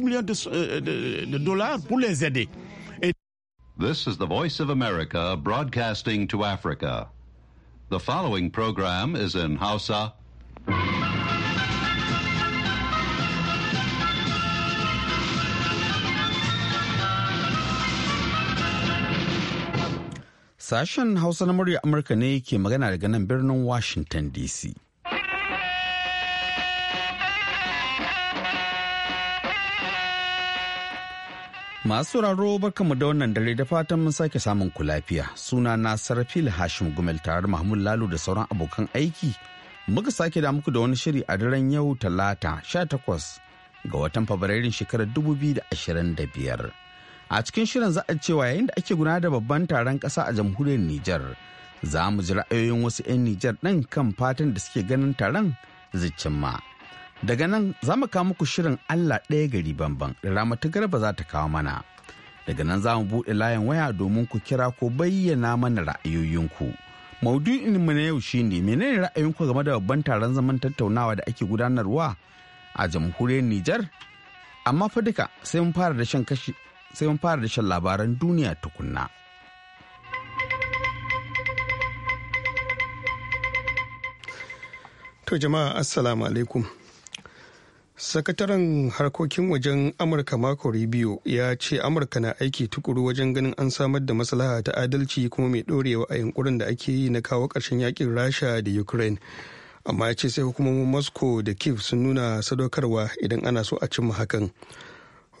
millions de, euh, de, de dollars pour les aider. Et This is the Voice of America broadcasting to Africa. The following program is in Hausa. Sashen Hausa na murya Amurka ne ke magana daga nan birnin Washington DC. Masu sauraro mu da wannan dare da fatan mun sake samun ku lafiya. Suna na Sarfil Hashim Gumel tare da Mahmud Lalo da sauran abokan aiki. Muka sake da muku da wani shiri a daren yau Talata 18 ga watan Fabrairun shekarar 2025. A cikin shirin za a cewa yayin da ake gudanar da babban taron ƙasa a jamhuriyar Nijar. Za mu ji ra'ayoyin wasu 'yan Nijar ɗin kan fatan da suke ganin taron zai cimma. Daga nan za mu kawo muku shirin Allah ɗaya gari banban da ramatu garba za ta kawo mana. Daga nan za mu buɗe layin waya domin ku kira ko bayyana mana ra'ayoyinku. Maudu'inmu na yau shi ne menene ra'ayinku game da babban taron zaman tattaunawa da ake gudanarwa a jamhuriyar Nijar? Amma fa duka sai mun fara da sai mun fara da shan labaran duniya tukunna. To jama'a assalamu alaikum. sakataren harkokin wajen amurka marco rubio ya ce amurka na aiki tukuru wajen ganin an samar da maslaha ta adalci kuma mai dorewa a yankurin da ake yi na kawo ƙarshen yakin rasha da ukraine amma ya ce sai hukumomin moscow da kiev sun nuna sadaukarwa idan ana so a cimma hakan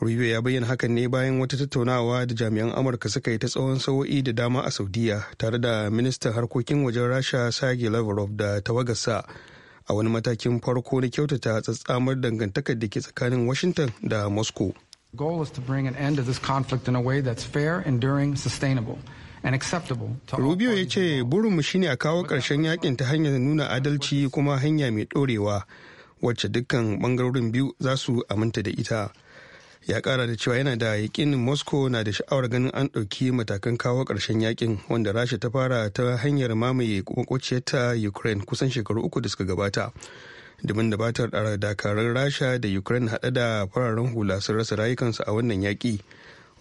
rubio ya bayyana hakan ne bayan wata tattaunawa da jami'an amurka suka yi ta tsawon sawo'i da dama a saudiya tare da ministan harkokin wajen rasha sergei lavrov da tawagarsa a wani matakin farko na kyautata tsatsamar dangantakar da ke tsakanin washington da moscow goal is to bring an end to this conflict in a way that's fair enduring sustainable Rubio ya ce burinmu shine a kawo ƙarshen yakin ta hanyar nuna adalci kuma hanya mai ɗorewa wacce dukkan ɓangarorin biyu za su aminta da ita. ya kara da cewa yana da yakinin moscow na da sha'awar ganin an ɗauki matakan kawo karshen yakin wanda rasha ta fara ta hanyar mamaye ta ukraine kusan shekaru uku da suka gabata domin da batar dakarun rasha da ukraine haɗe da fararen hula sun rasa rayukansu a wannan yaƙi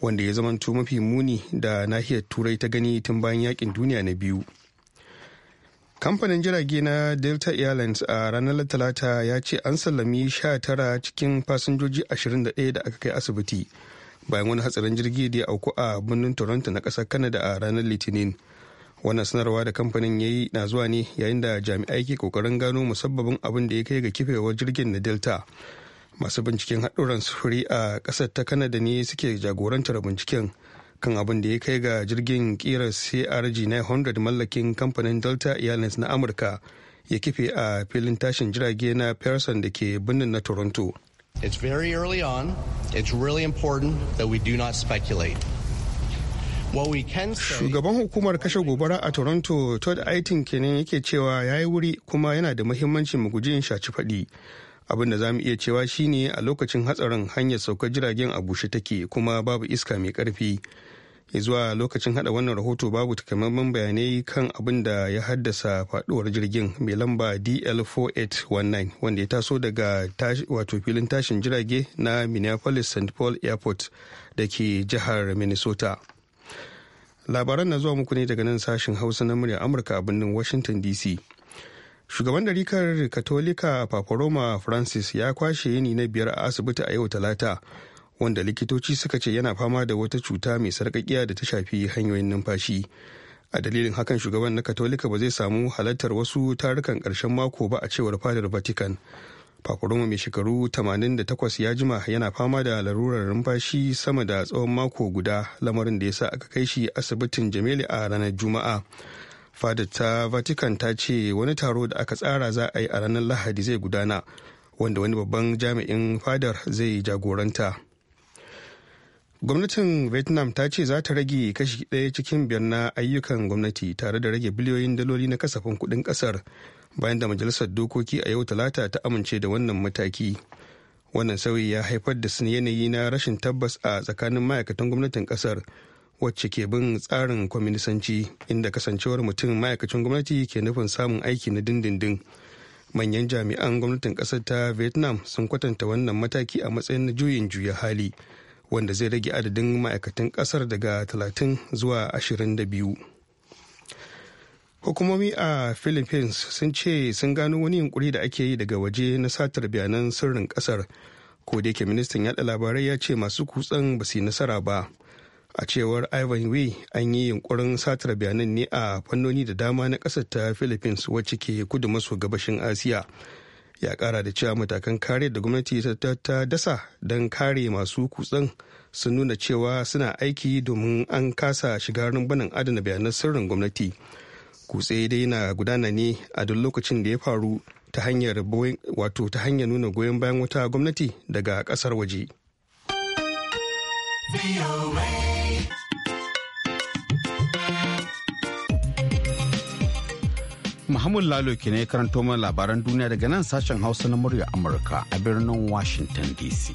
wanda ya zamanto mafi muni da nahiyar turai ta gani tun bayan yakin duniya na biyu kamfanin jirage na delta airlines a ranar talata ya ce an sallami 19 cikin fasinjoji 21 da aka kai asibiti bayan wani hatsarin jirgi da ya auku a birnin toronto na ƙasar canada a ranar litinin wannan sanarwa da kamfanin ya yi na zuwa ne yayin da jami'ai ke kokarin gano musabbabin abin da ya kai ga kifewar jirgin na delta masu binciken haɗuran sufuri a ƙasar ta kanada ne suke jagorantar binciken kan abin da ya kai ga jirgin kirar crg 900 mallakin kamfanin delta airlines na amurka ya kife a filin tashin jirage na pearson da ke birnin na toronto it's very early on it's really important that we do not speculate Shugaban hukumar kashe gobara a Toronto Todd Aitin kenan yake cewa ya yi wuri kuma yana da muhimmanci mu guji yin shaci faɗi. abin da za mu iya cewa shine a lokacin hatsarin hanyar saukar jiragen a bushe take kuma babu iska mai karfi zuwa lokacin hada wannan rahoto babu takamaiman bayanai kan abin da ya haddasa faduwar jirgin mai lamba dl4819 wanda ya taso daga wato filin tashin jirage na minneapolis st paul airport da ke jihar minnesota labaran na zuwa muku ne daga nan sashen hausa na murya amurka a birnin washington dc shugaban darikar katolika roma francis ya kwashe yini na biyar a asibiti a yau talata wanda likitoci suka ce yana fama da wata cuta mai sarƙaƙiya da ta shafi hanyoyin numfashi a dalilin hakan shugaban na katolika ba zai samu halartar wasu tarukan ƙarshen mako ba a cewar fadar vatican roma mai shekaru 88 ya jima yana fama da larurar numfashi sama da tsawon mako guda lamarin da ya sa aka kai shi asibitin jamilu a ranar juma'a fada ta vatican ta ce wani taro da aka tsara za a yi a ranar lahadi zai gudana wanda wani babban jami'in fadar zai jagoranta gwamnatin vietnam ta ce za ta rage kashi ɗaya cikin biyar na ayyukan gwamnati tare da rage biliyoyin daloli na kasafin kudin kasar bayan da majalisar dokoki a yau talata ta amince da wannan mataki wannan sauyi ya haifar da yanayi na rashin tabbas a tsakanin ma'aikatan gwamnatin kasar. wacce ke bin tsarin kwaminisanci inda kasancewar mutum ma'aikacin gwamnati ke nufin samun aiki na dindindin manyan jami'an gwamnatin kasar ta vietnam sun kwatanta wannan mataki a matsayin na juyin juya hali wanda zai rage adadin ma'aikatan kasar daga 30 zuwa 22 hukumomi a philippines sun ce sun gano wani yunkuri da ake yi daga waje na satar bayanan sirrin kasar ko da yake ministan yada labarai ya ce masu kutsan ba su yi nasara ba a cewar ivan wei an yi yunkurin satar bayanan ne a fannoni da dama na ƙasar ta philippines wacce ke kudu maso gabashin asiya ya kara da cewa matakan kare da gwamnati ta dasa don kare masu kutsen sun nuna cewa suna aiki domin an kasa shiga rumbunan adana bayanan sirrin gwamnati kutse dai na gudana ne a duk lokacin da ya faru ta hanyar wato ta hanyar nuna goyon bayan wata gwamnati daga kasar waje. Muhammad Lalo ke ne karanto mana labaran duniya daga nan sashen Hausa na murya Amurka a birnin Washington DC.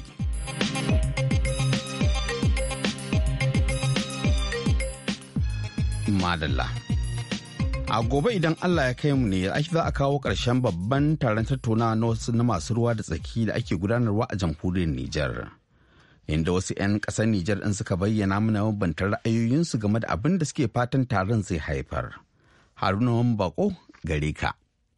Madalla. A gobe idan Allah ya kai mu ne a za a kawo ƙarshen babban taron tattaunawa na na masu ruwa da tsaki da ake gudanarwa a jamhuriyar Nijar. Inda wasu 'yan ƙasar Nijar in suka bayyana mana mabantar ra'ayoyinsu game da abin da suke fatan taron zai haifar. Haruna Bako gare ka.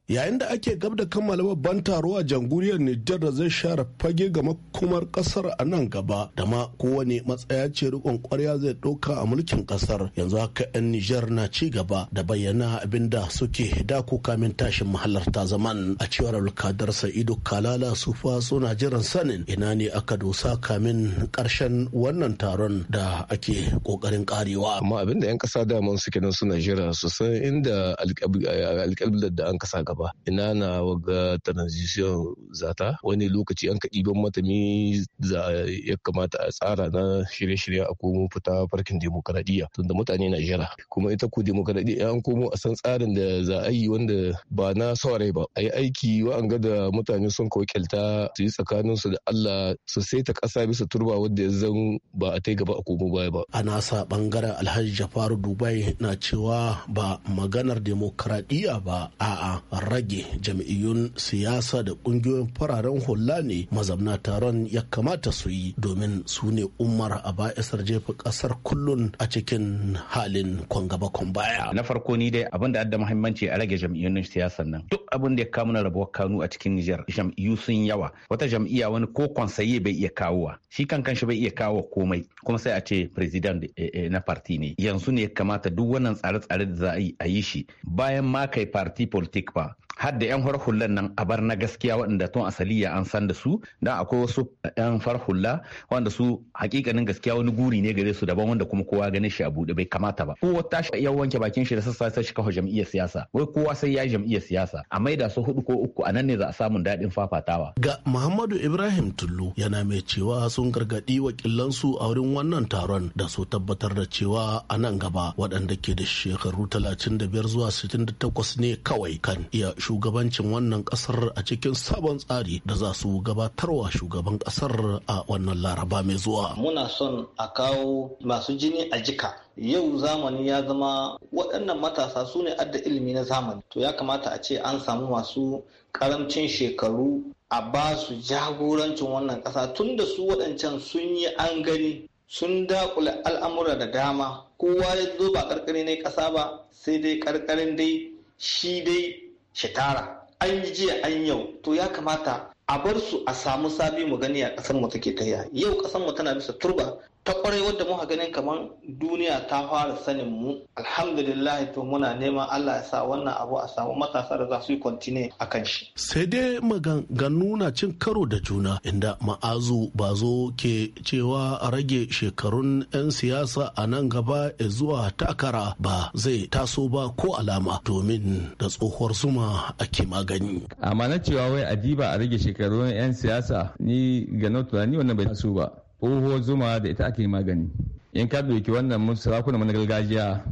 yayin da ake gab da kammala babban taro a jamhuriyar Nijar da zai share fage ga makomar kasar a nan gaba da ma kowane matsaya ce rikon kwarya zai ɗauka a mulkin kasar yanzu haka 'yan Nijar na ci gaba da bayyana abin da suke dako kamin tashin mahalarta zaman a cewar alkadar Sa'idu Kalala Sufa suna jiran sanin ina ne aka dosa kamin karshen wannan taron da ake kokarin karewa. Amma abin da 'yan kasa mun suke nan suna jira su san inda alƙalbilar da an kasa ba ina na waga transition zata wani lokaci an ka ɗiban mata mi za ya kamata a tsara na shirye-shirye a komo fita farkin demokaradiyya tunda mutane na jira kuma ita ku demokaradiyya an komo a san tsarin da za a yi wanda ba na saurayi ba a yi aiki wa'anga da mutane sun ka wakilta su yi su da Allah su saita ƙasa bisa turba wadda ya zan ba a tai gaba a komo baya ba. A nasa bangaren Alhaji Jafaru Dubai na cewa ba maganar demokaradiyya ba a'a rage jam'iyyun siyasa da kungiyoyin fararen hula ne mazamna taron ya kamata su yi domin su ne umar a ba'isar jefa kasar kullun a cikin halin kwangaba baya. na farko ni dai abin da adda muhimmanci a rage jam'iyyun siyasa nan duk abin da ya kawo mana rabuwar kanu a cikin nijar jam'iyyu sun yawa wata jam'iyya wani ko konsaye bai iya kawowa shi kan kanshi bai iya kawo komai kuma sai a ce president eh, eh, na parti ne yanzu ne ya kamata duk wannan tsare-tsare da za a yi shi bayan ma kai parti politik ba har da 'yan farhullan nan a bar na gaskiya waɗanda tun asali ya an san da su da akwai wasu 'yan farhulla wanda su hakikanin gaskiya wani guri ne gare su daban wanda kuma kowa ganin shi a buɗe bai kamata ba kowa shi ya wanke bakin shi da sassa sai kawo jam'iyyar siyasa wai kowa sai ya jam'iyyar siyasa a maida su hudu ko uku a nan ne za a samu daɗin fafatawa ga muhammadu ibrahim tullu yana mai cewa sun gargaɗi wakilansu a wurin wannan taron da su tabbatar da cewa a nan gaba waɗanda ke da shekaru 35 zuwa 68 ne kawai kan iya shugabancin wannan kasar a cikin sabon tsari da za su gabatarwa shugaban kasar a wannan laraba mai zuwa muna son a kawo masu jini a jika yau zamani ya zama waɗannan matasa su ne adda ilimi na zamani to ya kamata a ce an samu masu karamcin shekaru a ba su jagorancin wannan ƙasa tun da su waɗancan sun yi an gani sun daƙule al'amura da dama kowa ya zo ba ƙarƙari ne ƙasa ba sai dai ƙarƙarin dai shi dai shekara an yi jiya an yau to ya kamata a bar su a samu sabi mu gani a kasar mu take ta yau kasar mu tana bisa turba ta kwarai wadda muka ganin kamar duniya ta fara sanin mu alhamdulillah to muna neman Allah ya sa wannan abu a samu matasa da za su yi kontine a kan shi sai dai maganganu na cin karo da juna inda ma'azu ba zo ke cewa rage shekarun 'yan siyasa a nan gaba e zuwa takara ba zai taso ba ko alama domin da tsohuwar zuma ake magani amma na cewa wai adiba a rage shekarun 'yan siyasa ni ga tunani wannan bai taso ba tsohuwar zuma da ita ake magani in ka doki wannan mun sarakuna na gargajiya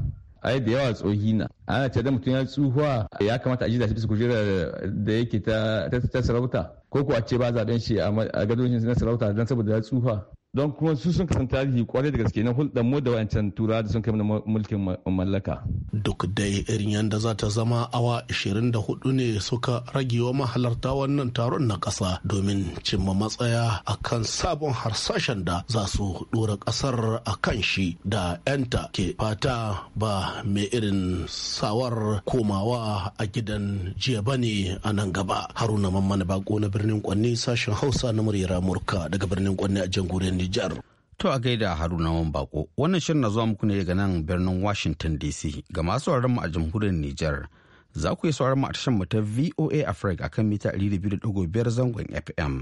ai da yawa tsohi na ana ce da mutum ya tsuhuwa ya kamata a ji da shi su kujerar da yake ta sarauta ko ko a ce ba zaɓen shi a gadon shi na sarauta don saboda ya tsufa don kuma su sun kasan tarihi kwarai da gaske na hulɗar mu da wancan tura da sun kai mana mulkin mallaka. Duk dai irin yadda za ta zama awa 24 ne suka rage wa mahalarta wannan taron na ƙasa domin cimma matsaya a kan sabon harsashen da za su ɗora ƙasar a kan shi da 'yanta ke fata ba mai irin sawar komawa a gidan jiya ba ne a nan gaba. Haruna Mamman Bako na birnin Kwanne sashen Hausa na muryar Amurka daga birnin Kwanne a jamhuriyar Nijar. To a gaida Haruna Wan Bako, wannan shirin na zuwa muku ne daga nan birnin Washington DC ga masu sauraron mu a jamhuriyar Nijar. Za ku yi sauraron mu a tashar mu ta VOA Africa akan mita 200.5 zangon FM.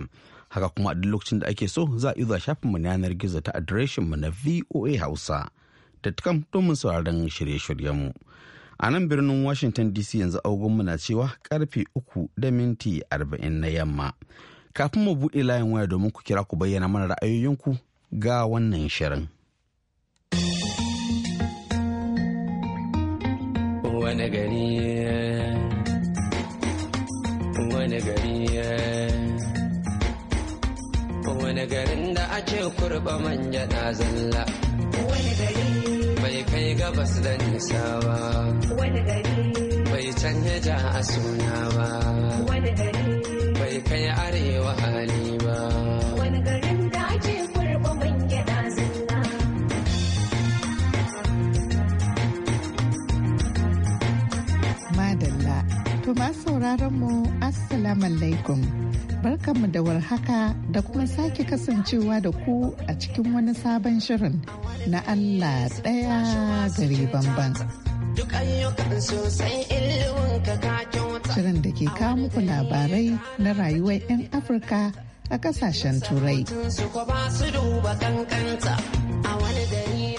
Haka kuma a duk lokacin da ake so za a iya shafin mu yanar gizo ta adireshin mu na VOA Hausa. Datcom domin sauraron shirye-shiryen mu. A nan birnin Washington DC yanzu agogon mu na cewa karfe uku da minti arba'in na yamma. Kafin mu buɗe layin waya domin ku kira ku bayyana mana ra'ayoyinku ga wannan shirin. Wani gari wani gari wani garin da ake kurba manja na zalla wani gari bai kai gabas da nisa ba wani gari bai canja a suna ba bai kai arewa hali ba wani garin da ake sauraron mu assalamu alaikum barkanmu da warhaka da kuma sake kasancewa da ku a cikin wani sabon shirin na Allah ɗaya gari bamban. duk ayyukan sosai ka Shirin da ke kawo muku labarai na rayuwar 'yan Afirka a kasashen Turai.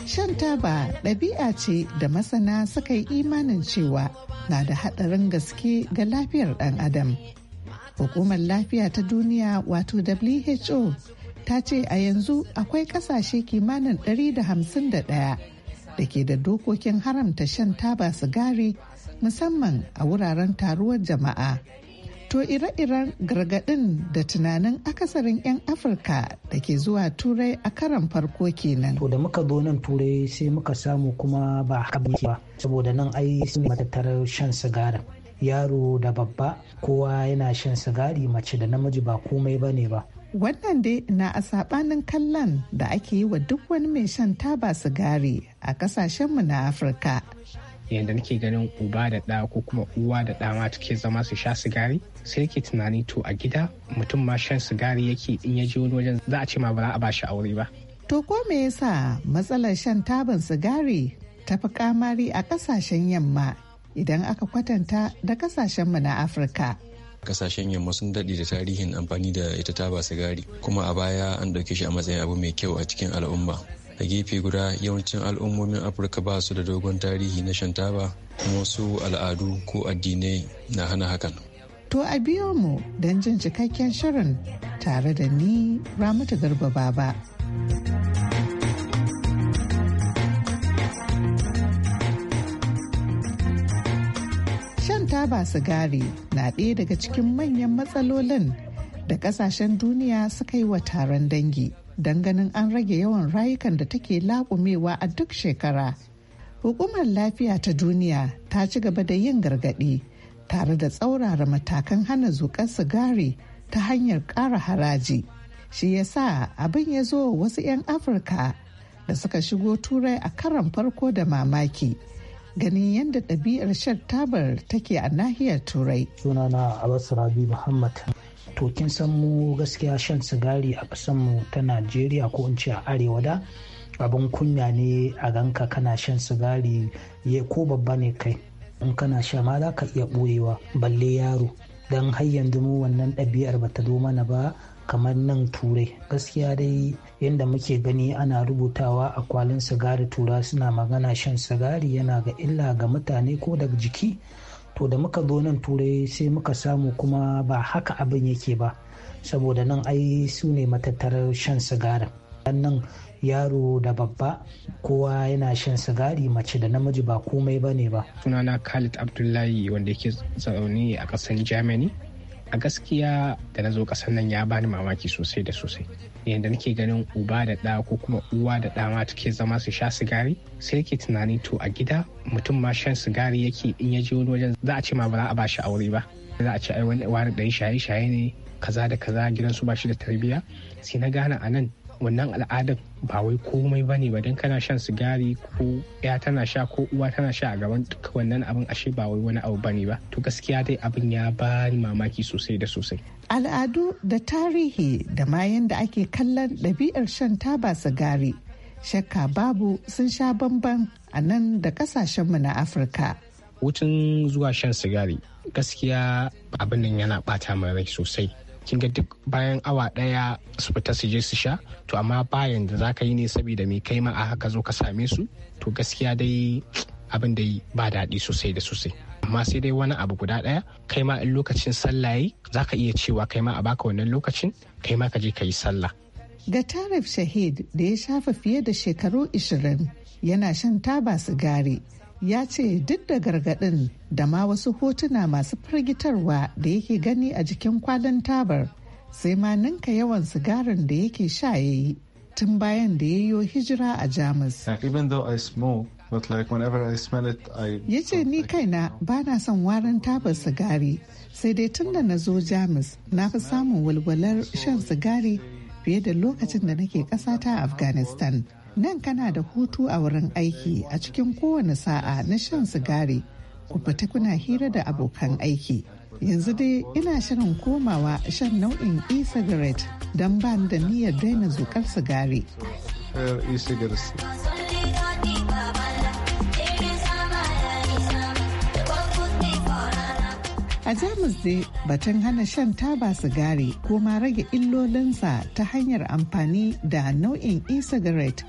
Shan taba ɗabi'a ce da masana suka yi imanin cewa na da haɗarin gaske ga lafiyar ɗan adam. Hukumar lafiya ta duniya wato WHO ta ce a yanzu akwai ƙasashe kimanin 151 da ke da dokokin haramta shan taba sigari musamman a wuraren taruwar jama'a. To ire-iren gargaɗin da tunanin akasarin 'yan Afirka da ke zuwa turai a karan farko kenan. To da muka zo nan turai sai muka samu kuma ba haka ba saboda nan ai sun matattarar shan sigarin. Yaro da babba kowa yana shan sigari mace da namiji ba komai ba ne ba. Wannan dai na a saɓanin kallon da ake yi wa duk wani mai shan taba sigari a kasashenmu na Afirka. Yadda nake ganin uba da ɗa ko kuma uwa da ɗa ma take zama su sha sigari sai yake tunani to a gida mutum ma shan sigari yake in ya je wani wajen za a ce ma ba za a ba shi aure ba. To ko me yasa matsalar shan taban sigari ta fi kamari a kasashen yamma idan aka kwatanta da kasashenmu na Afirka. kasashen yamma sun daɗe da tarihin amfani da ita taba sigari kuma a baya an ɗauke shi a matsayin abu mai kyau a cikin al'umma a gefe guda yawancin al'ummomin afirka ba su da dogon tarihi na shan taba kuma wasu al'adu ko addinai na hana hakan to a biyo mu don jin cikakken shirin tare da ni ramatu garba baba raba sigari na ɗaya daga cikin manyan matsalolin da ƙasashen duniya suka yi wa taron dangi don ganin an rage yawan rayukan da take laƙumewa a duk shekara. Hukumar lafiya ta duniya ta ci gaba da yin gargaɗi tare da tsaurara matakan hana zuƙar sigari ta hanyar ƙara haraji. Shi ya sa abin ya zo wasu 'yan Afirka da suka shigo turai a karan farko da mamaki ganin yadda ɗabi'ar shan tabar take a nahiyar turai sunana abbas rabi muhammad to kin san mu gaskiya shan sigari a ƙasar mu ta najeriya ko in ce a arewa da abin kunya ne a ganka kana shan sigari ya ko babba ne kai in kana sha ma za ka iya ɓoyewa balle yaro don har yanzu mu wannan ɗabi'ar ba ta zo mana ba kamar nan turai gaskiya dai yadda muke gani ana rubutawa a kwalin sigari tura suna magana shan sigari yana ga illa ga mutane ko daga jiki to da muka zo nan turai sai muka samu kuma ba haka abin yake ba saboda nan ai su ne matattarar shan sigarin nan yaro da babba kowa yana shan sigari mace da namiji ba komai ba ne ba sunana khalid abdullahi wanda yake zaune a ƙasar germany a gaskiya da na zo kasan nan ya bani mamaki sosai da sosai yadda nake ganin uba da ɗa ko kuma uwa da ɗa ma take zama su sha sigari sai yake tunani to a gida mutum ma shan sigari yake in ya je wani wajen za a ce ma ba za a ba shi aure ba za a ce ai wani wani ɗan shaye-shaye ne kaza da kaza gidansu ba shi da tarbiyya sai na gane a nan wannan al'adar ba wai komai bane ba don kana shan sigari ko ya tana sha ko uwa tana sha a gaban duk wannan abin ashe ba wai wani abu bane ba to gaskiya dai abin ya bani mamaki sosai da sosai al'adu da tarihi da ma da ake kallon ɗabi'ar shan taba sigari shakka babu sun sha bamban a nan da mu na afirka wucin zuwa shan sigari gaskiya abin nan yana bata mai rai sosai kin ga duk bayan awa daya su fita su je su sha to amma bayan da zaka yi ne saboda mai kai ma a haka zo ka same su to gaskiya dai abin da ba daɗi sosai da sosai amma sai dai wani abu guda ɗaya kai ma in lokacin sallah yi za ka iya cewa kai ma a baka wannan lokacin kai ma ka je ka yi sallah ga tarif shahid da ya shafa fiye da shekaru 20 yana shan taba sigari ya ce duk da gargaɗin da ma wasu hotuna masu firgitarwa da yake gani a jikin kwalin tabar sai ma ninka yawan sigarin da yake sha ya yi tun bayan da ya yi hijira a jamus ya ce ni kaina ba na son warin tabar sigari sai dai tun da na zo jamus na fi samun walwalar shan sigari fiye da lokacin da nake ƙasata afghanistan nan kana da hutu a wurin aiki a cikin kowane sa'a na shan sigari ku fita kuna hira da abokan aiki yanzu dai ina shirin komawa shan nau'in e-cigarette don ba da niyyar daina zukar sigari eh, A Jamus dai batun hana shan taba sigari ko ma rage illolinsa ta hanyar amfani da nau'in e-cigarette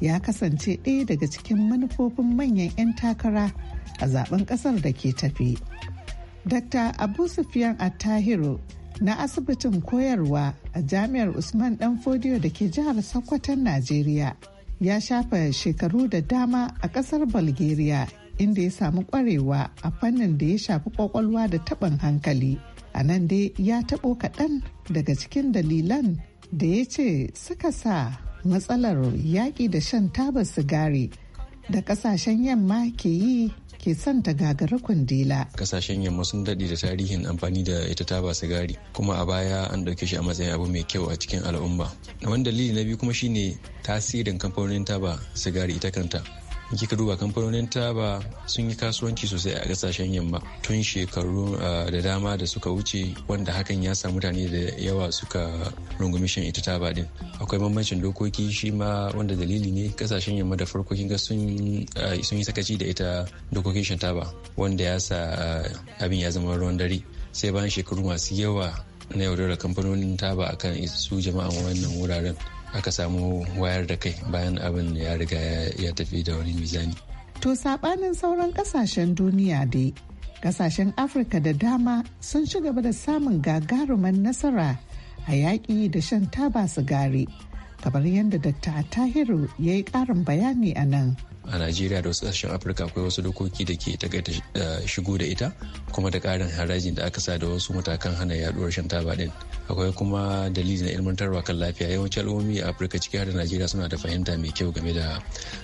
ya kasance ɗaya daga cikin manufofin manyan 'yan takara a zaben ƙasar da ke tafi. Dr. Abu Sufyan Attahiru na asibitin koyarwa a jami'ar Usman Fodiyo da ke jihar Sokoton Najeriya ya shafa shekaru da dama a ƙasar Bulgaria inda ya samu ƙwarewa a fannin da ya shafi ƙwaƙwalwa da taɓin hankali. A nan dai ya taɓo kaɗan daga cikin dalilan da ya ce suka sa matsalar yaƙi da shan taba sigari da ƙasashen yamma ke yi ke son ta gagara kundila. Kasashen yamma sun daɗe da tarihin amfani da ita taba sigari kuma a baya an ɗauke shi a matsayin abu mai kyau a cikin al'umma. Wani dalili na biyu kuma shine tasirin kamfanonin taba sigari ita kanta kika duba kamfanonin taba sun yi kasuwanci sosai a kasashen yamma tun shekaru ah, da dama da suka wuce wanda hakan ya sa mutane da yawa suka rungumi shan ita taba din akwai bambancin dokoki shi ma wanda dalili ne kasashen yamma da farko kinga ah, sun yi sakaci da ita dokokin shan taba wanda ya sa ah, abin ya zama ruwan dare sai bayan shekaru masu yawa na yaudarar kamfanonin taba akan su jama'an wannan wuraren aka samu wayar da kai bayan abin ya riga ya tafi da wani mizani to saɓanin sauran ƙasashen duniya dai ƙasashen afirka da dama sun ci gaba da samun gagaruman nasara a yaƙi da shan taba sigari kamar yadda dr tahiru ya yi ƙarin bayani a nan a najeriya da wasu ƙasashen afirka akwai wasu dokoki da ke takaita eh, shigo da ita kuma da ƙarin harajin da aka sa da wasu matakan hana yaɗuwar shan taba ɗin. akwai kuma dalili na ilmantarwa kan lafiya yawanci al'ummi a afirka ciki har da najeriya suna da fahimta mai kyau game da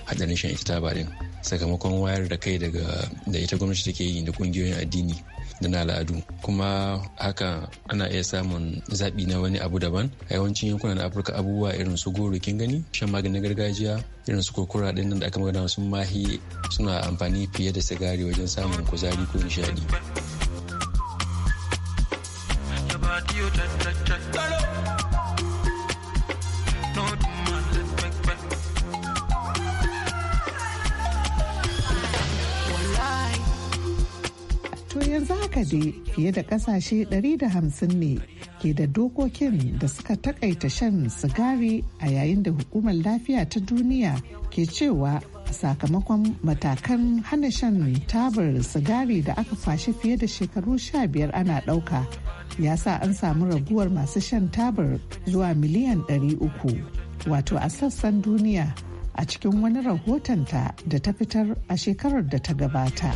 hadarin shan ita taba din sakamakon wayar da kai daga da ita gwamnati take yi da kungiyoyin addini da na al'adu kuma haka ana iya samun zaɓi na wani abu daban a yawancin yankunan afirka abubuwa irin su goro kin gani shan maganin gargajiya irin su kurkura din nan da aka magana sun mahi suna amfani fiye da sigari wajen samun kuzari ko nishaɗi. fiye da kasashe 150 ne ke da dokokin da suka takaita shan sigari a yayin da hukumar lafiya ta duniya ke cewa sakamakon matakan hana shan tabar sigari da aka fashi fiye da shekaru 15 ana ɗauka ya sa an samu raguwar masu shan tabar zuwa miliyan 300 wato a sassan duniya a cikin wani rahotonta da ta fitar a shekarar da ta gabata.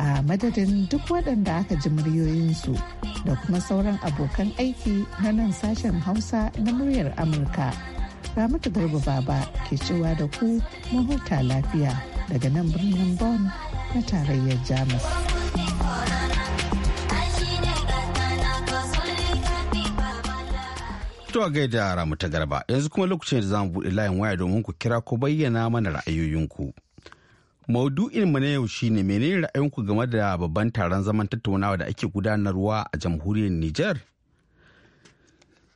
a madadin duk waɗanda aka ji muryoyinsu da kuma sauran abokan aiki na nan sashen hausa na muryar amurka ramatu garba baba ke cewa da ku mahuta lafiya daga nan birnin Bon na tarayyar jamus To gaida ta garba yanzu kuma lokacin da za mu buɗe layin waya domin ku kira ku bayyana mana ra'ayoyinku. Maudu'in mu na yau shine menene ra'ayinku game da babban taron zaman tattaunawa da ake gudanarwa a jamhuriyar Nijar?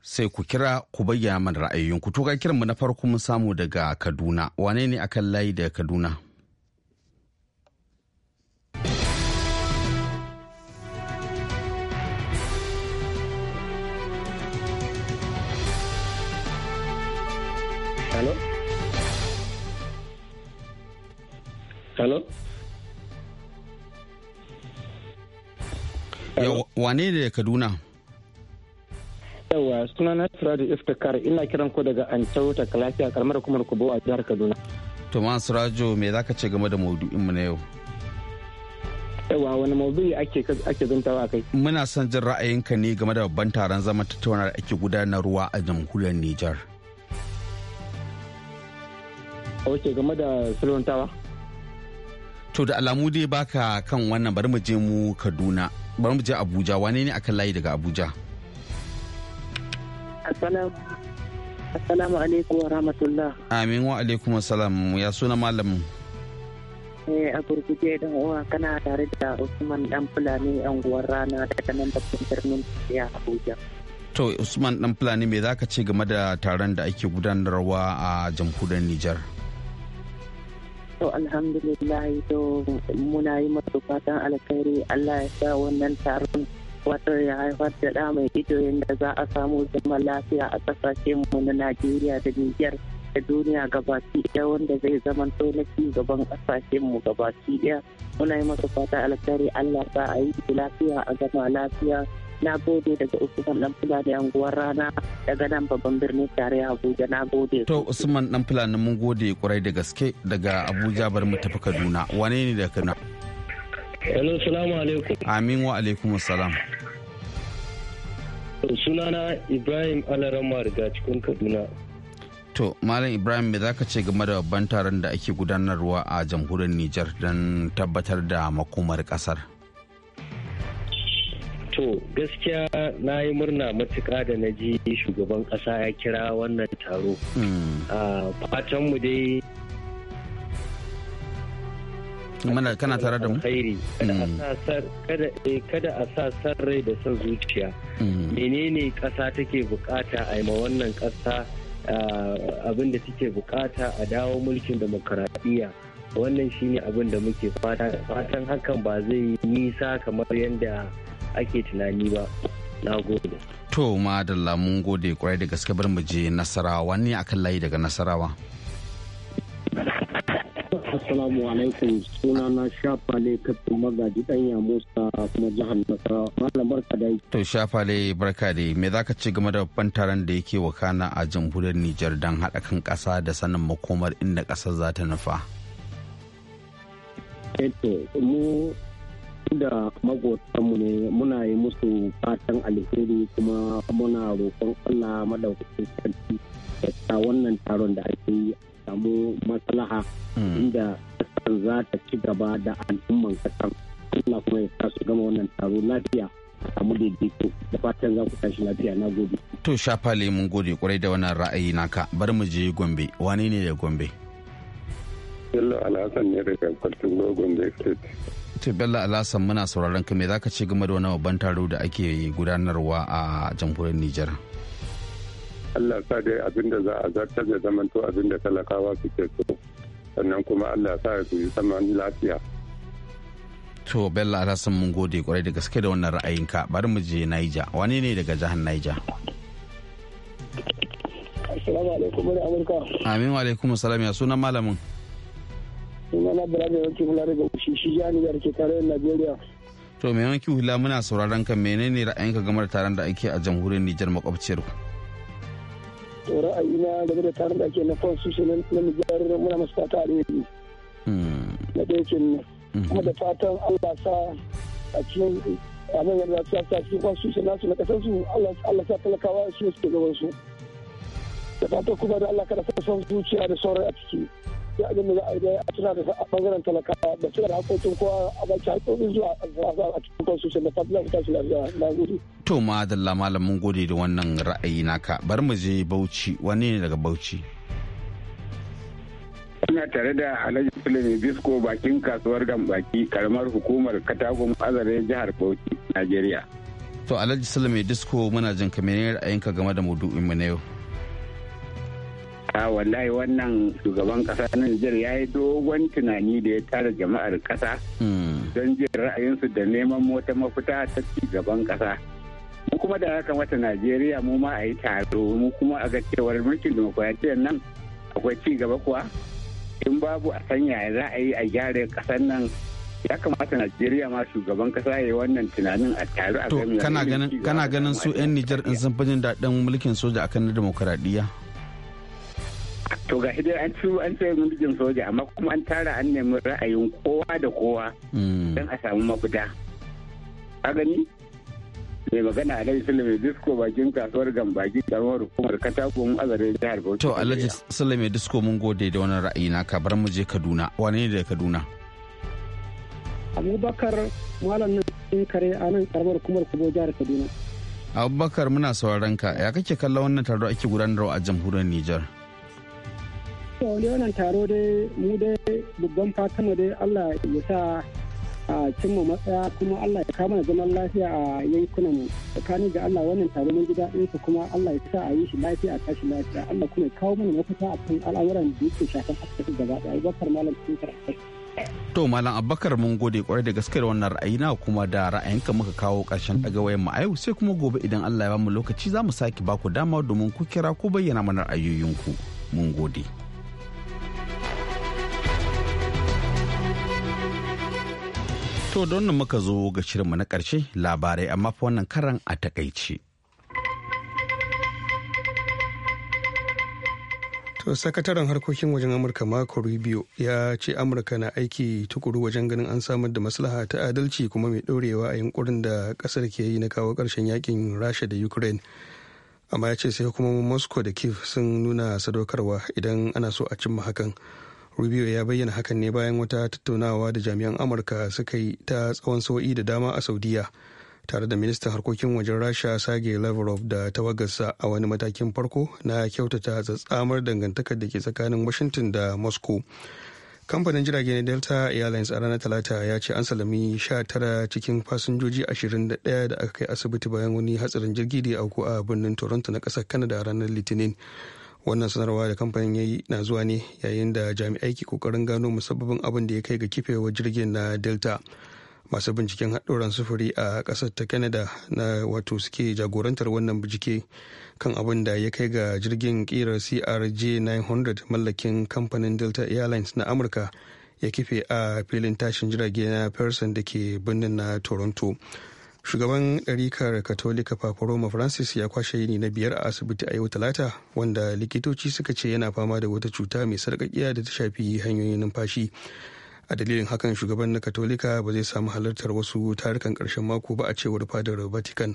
Sai ku kira ku bayyana mana ra'ayoyinku. To ga kiranmu na farko mun samu daga Kaduna. Wane ne akan layi daga Kaduna? Hello? Hello? wane ne Kaduna? Yawa na Siraju Iftikar ina kiran ku daga Antau ta lafiya karamar kumar Kubo a jihar Kaduna. Tuma Siraju me zaka ce game da maudu'inmu na yau? Yawa wani maudu'i ake ake zantawa kai? Muna son jin ra'ayinka ne game da babban taron zaman tattauna da ake gudanarwa a jamhuriyar Nijar. Ok game da sulhuntawa? to da alamu dai baka kan wannan bari mu je mu kaduna bari mu je abuja wane ne akan layi daga abuja assalamu alaikum wa rahmatullah amin wa alaikum assalam ya suna Eh a gurguje da uwa kana tare da usman dan fulani unguwar rana daga nan da birnin ya abuja to usman dan fulani me zaka ce game da taron da ake gudanarwa a jamhuriyar nijar To alhamdulillah to muna yi masu fatan alkhairi Allah ya sa wannan taron wato ya haifar da da mai ido yadda za a samu zaman lafiya a ƙasashen mu na Najeriya da Nijar da duniya gabaki ɗaya wanda zai zama to na ci gaban ƙasashen mu gabaki ɗaya. Muna yi masu fata alkhairi Allah sa a yi lafiya a zama lafiya na gode daga usman dan fulani anguwar rana daga nan babban birnin tare abuja na gode to usman dan fulani mun gode kwarai da gaske daga abuja bari mu tafi kaduna wane ne da kana hello salamu alaikum amin wa alaikum salam sunana ibrahim alarama daga cikin kaduna to malam ibrahim me zaka ce game da babban taron da ake gudanarwa a jamhuriyar niger don tabbatar da makomar kasar To gaskiya na yi murna matuka da na ji shugaban ƙasa ya kira wannan taro. Hmm. Fatanmu dai mana kana tare da mu hmm. eh, kada a sa san rai da san zuciya hmm. menene ƙasa take bukata a ma wannan ƙasa abin da take bukata a dawo mulkin demokaradiyya wannan shine abin da muke fatan hakan ba zai yi nisa kamar yadda ake tunani ba na gode to madalla gode kwarai da gaske bar mu je nasarawa ne akan layi daga nasarawa Assalamu alaikum suna na shafale kafin magaji danya Musa kuma jihar Nasarawa. Malam barka da To shafale barka da me zaka ce game da babban taron da yake wakana a jamhuriyar Nijar don haɗa kan ƙasa da sanin makomar inda ƙasar za ta nufa? Eto eh mu da magotanmu ne muna yi musu fatan alheri kuma muna roƙon Allah madaukakin sarki da wannan taron da ake yi samu maslaha hmm. inda kasar za ta ci gaba da al'umman kasar Allah kuma ya sa su gama wannan taro lafiya samu daidaito da fatan za ku tashi lafiya na gobe. To shafa mun gode kwarai da wannan ra'ayi naka bar mu je Gombe wani ne da Gombe? Bello Alhassan ne daga Kwaltungo Gombe State. to bello alasan muna sauraron ka me zaka ce game da wani babban taro da ake gudanarwa a jamhuriyar nijar. allah sa dai abinda za a zartar da zamanto abinda talakawa suke so sannan kuma allah sa su yi saman lafiya to bello alasan mun gode kwarai da gaske da wannan ra'ayinka bari mu je naija wane ne daga jihar naija assalamu alaikum barakatuh. amin wa alaikum salam ya sunan malamin sunana na bala mai hula daga ushi shi jani da ke tarayyar najeriya to mai hula muna sauraron ka menene ra'ayinka game da taron da ake a jamhuriyar nijar makwabciyar ku to ra'ayina game da taron da ake na na nijar muna masu fata hmm. na ɗaya ne. Hmm. kuma da fatan allah sa a cikin abin za su sa na allah sa talakawa su gaban su da fatan kuma da allah kada sa son zuciya da sauran a ciki ya abin da za a yi a tuna da a bangaren talakawa da tuna da hakokin kowa a baki hakokin zuwa a cikin constitution da fadlan ta shi lafiya na gudu. to madalla malam mun gode da wannan ra'ayi naka bar mu je bauchi wani ne daga bauchi. Ina tare da Alhaji Sule Bisko bakin kasuwar Gambaki karamar hukumar katakon Azare jihar Bauchi, nigeria. To Alhaji salome disko muna jin kamar ra'ayinka game da maudu'in mu na yau. a wallahi wannan shugaban kasa na Nijar ya yi dogon tunani da ya tara jama'ar kasa hmm. don jin ra'ayinsu da neman mota mafita ta ci gaban kasa mu kuma da haka mata Najeriya mu ma a yi taro mu kuma a ga cewar mulkin demokradiyyar nan akwai ci gaba kuwa in babu a sanya za a yi a gyara kasan nan ya kamata najeriya ma shugaban kasa ya yi wannan tunanin a taru a kana ganin su 'yan nijar in sun fi jin daɗin mulkin soja akan na demokuraɗiyya to ga idan an ciwo an tsaye mulkin soja amma kuma an tara an nemi ra'ayin kowa da kowa hmm. don a samu mafita a gani mai magana alhaji sulaiman disko bakin kasuwar gambaki karamar hukumar katakon azare jihar bauchi to alhaji sulaiman disko mun gode da wannan ra'ayi naka bar mu je kaduna wane ne da kaduna abubakar malam nan kare a nan karamar hukumar kubo jihar kaduna abubakar muna sauraron ka ya kake kallon wannan taro ake gudanarwa a jamhuriyar nijar. to wannan taro dai mu dai babban fatanmu dai allah ya sa a cimma matsaya kuma allah ya kama zaman lafiya a yankunan tsakanin da allah wannan taro mun ji daɗin su kuma allah ya sa a yi shi lafiya a tashi lafiya allah kuma ya kawo mana mafita a kan al'amuran da yake shafan asibiti gaba ɗaya bakar malam cikin karatu To Malam Abubakar mun gode kwarai da gaskiyar wannan ra'ayi na kuma da ra'ayinka muka kawo karshen daga wayan mu a yau sai kuma gobe idan Allah ya bamu lokaci za mu ba ku dama domin ku kira ko bayyana mana ra'ayoyinku. Mun gode. To don muka zo ga shirinmu na ƙarshe labarai amma fa wannan karan a takaice. To sakataren harkokin wajen Amurka Marco Rubio ya ce Amurka na aiki tukuru wajen ganin an samar da maslaha ta adalci kuma mai ɗorewa a yunkurin da ƙasar ke yi na kawo ƙarshen yakin Rasha da Ukraine. Amma ya ce sai hukumomin Moscow da Kiev sun nuna sadaukarwa idan ana so a cimma hakan. rubio ya bayyana hakan ne bayan wata tattaunawa da jami'an amurka suka yi ta tsawon sa'o'i da dama a saudiya tare da ministan harkokin wajen rasha sage lavrov da tawagarsa a wani matakin farko na kyautata tsatsamar dangantakar da ke tsakanin washington da moscow kamfanin jirage na delta airlines a ranar talata ya ce an salami 19 cikin fasinjoji 21 da aka kai asibiti bayan wani hatsarin jirgi da auku a birnin toronto na kasar kanada ranar litinin wannan sanarwa da kamfanin ya yi na zuwa ne yayin da jami'ai ke kokarin gano musabbabin abin da ya kai ga kifewa jirgin na delta masu binciken haɗoran sufuri a ƙasar ta canada na wato suke jagorantar wannan bincike kan abin da ya kai ga jirgin ƙirar crj 900 mallakin kamfanin delta airlines na amurka ya kife a filin tashin jirage na person da ke birnin na toronto shugaban ɗarikar katolika papa roma francis ya kwashe yini na biyar a asibiti a yau talata wanda likitoci suka ce yana fama da wata cuta mai sarƙaƙiya da ta shafi hanyoyin numfashi a dalilin hakan shugaban na katolika ba zai samu halartar wasu tarukan ƙarshen mako ba a cewar fadar vatican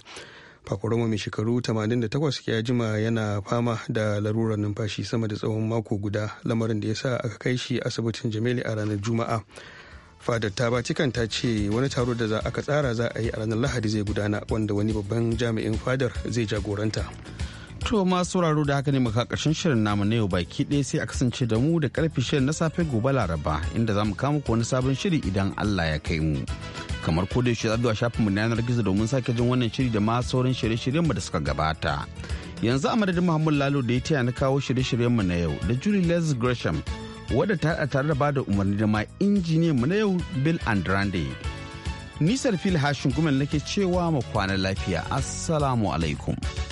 roma mai shekaru 88 ya jima yana fama da larurar numfashi sama da tsawon mako guda lamarin da ya sa aka kai shi asibitin jamili a ranar juma'a fadar ta ba cikan ta ce wani taro da za aka tsara za a yi a ranar lahadi zai gudana wanda wani babban jami'in fadar zai jagoranta to masu sauraro da haka ne muka karshen shirin namu na yau baki ɗaya sai a kasance da mu da karfe shirin na safe gobe laraba inda za mu kama wani sabon shiri idan allah ya kai mu kamar ko da yaushe zuwa shafin mu na yanar gizo domin sake jin wannan shiri da ma sauran shirye-shiryen mu da suka gabata yanzu a madadin muhammadu lalo da ya taya na kawo shirye-shiryen mu na yau da julie les gresham wadda ta tare da ba da umarni da ma injiniyan mu na yau Bill Andrande. Nisar fil hashin gumen nake cewa mu kwana lafiya. Assalamu alaikum.